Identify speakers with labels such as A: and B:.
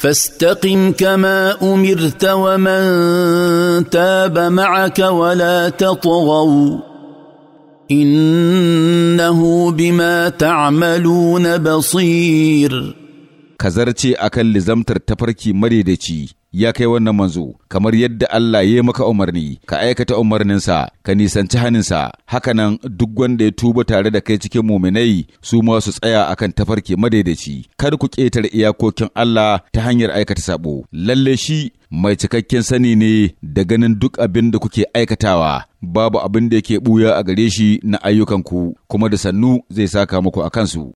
A: فاستقم كما امرت ومن تاب معك ولا تطغوا انه بما تعملون
B: بصير كزرتي اكل لزمتر تفركي مريدتي ya kai wannan manzo kamar yadda Allah ya maka umarni ka aikata umarninsa ka nisanci haninsa nan duk wanda ya tuba tare da kai cikin muminai su ma su tsaya akan tafarki madaidaici kar ku ƙetare iyakokin Allah ta hanyar aikata sabo lalle shi mai cikakken sani ne da ganin duk abin da kuke aikatawa babu abin da yake buya a gare shi na ayyukanku kuma da sannu
C: zai saka muku a kansu